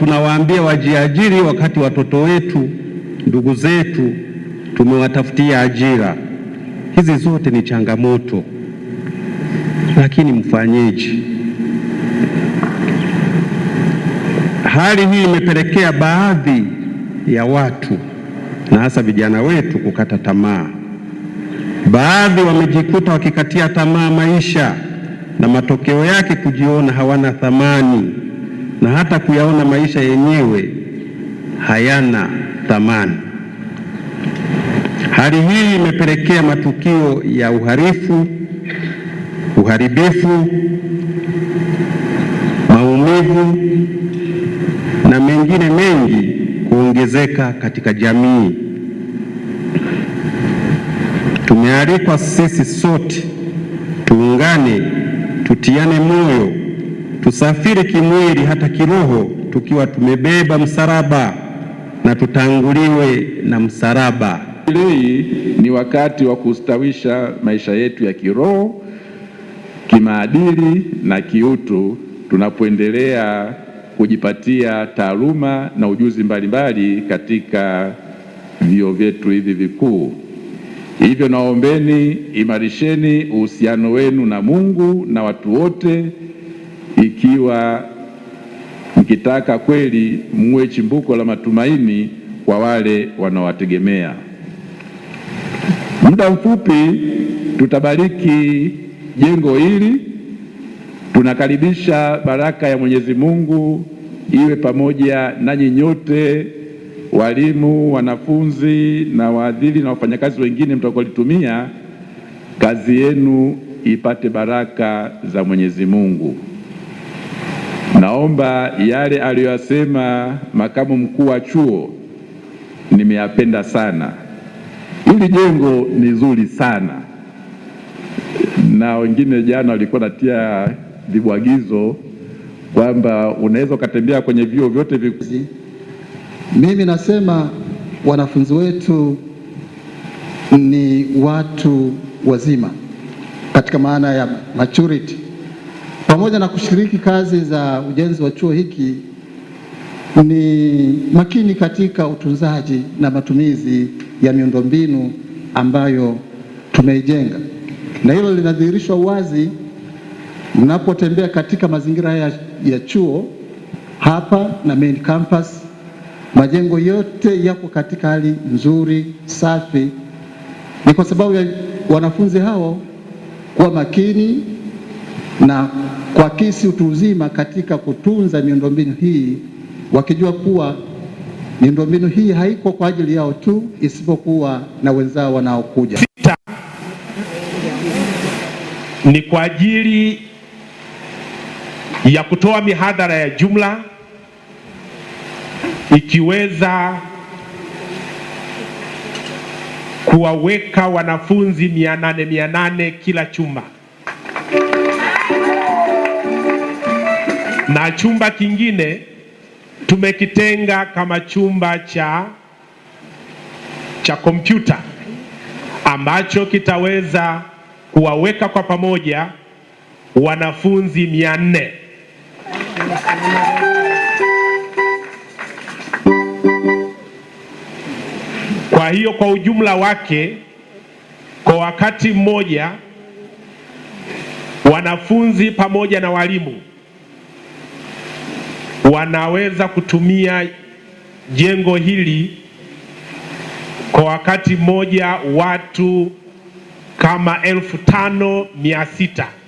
tunawaambia wajiajiri, wakati watoto wetu, ndugu zetu tumewatafutia ajira. Hizi zote ni changamoto, lakini mfanyeje? Hali hii imepelekea baadhi ya watu na hasa vijana wetu kukata tamaa. Baadhi wamejikuta wakikatia tamaa maisha na matokeo yake kujiona hawana thamani na hata kuyaona maisha yenyewe hayana thamani. Hali hii imepelekea matukio ya uhalifu, uharibifu, maumivu na mengine mengi kuongezeka katika jamii. Tumealikwa sisi sote tuungane, tutiane moyo tusafiri kimwili hata kiroho tukiwa tumebeba msalaba na tutanguliwe na msalaba. Leo ni wakati wa kustawisha maisha yetu ya kiroho, kimaadili na kiutu, tunapoendelea kujipatia taaluma na ujuzi mbalimbali mbali katika vyuo vyetu hivi vikuu. Hivyo naombeni, imarisheni uhusiano wenu na Mungu na watu wote ikiwa mkitaka kweli muwe chimbuko la matumaini kwa wale wanaowategemea. Muda mfupi tutabariki jengo hili. Tunakaribisha baraka ya Mwenyezi Mungu iwe pamoja nanyi nyote, walimu, wanafunzi na waadhiri na wafanyakazi wengine mtakaolitumia. Kazi yenu ipate baraka za Mwenyezi Mungu. Naomba yale aliyoyasema makamu mkuu wa chuo nimeyapenda sana. Hili jengo ni zuri sana, na wengine jana walikuwa natia vibwagizo kwamba unaweza ukatembea kwenye vyuo vyote vikuu. Mimi nasema wanafunzi wetu ni watu wazima katika maana ya maturity pamoja na kushiriki kazi za ujenzi wa chuo hiki, ni makini katika utunzaji na matumizi ya miundombinu ambayo tumeijenga, na hilo linadhihirishwa wazi mnapotembea katika mazingira ya, ya chuo hapa na main campus. Majengo yote yako katika hali nzuri, safi. Ni kwa sababu ya wanafunzi hao kuwa makini na kuakisi utu uzima katika kutunza miundombinu hii, wakijua kuwa miundombinu hii haiko kwa ajili yao tu, isipokuwa na wenzao wanaokuja. Sita ni kwa ajili ya kutoa mihadhara ya jumla ikiweza kuwaweka wanafunzi mia nane mia nane kila chumba na chumba kingine tumekitenga kama chumba cha cha kompyuta ambacho kitaweza kuwaweka kwa pamoja wanafunzi mia nne. Kwa hiyo kwa ujumla wake, kwa wakati mmoja wanafunzi pamoja na walimu wanaweza kutumia jengo hili kwa wakati mmoja watu kama elfu tano mia sita.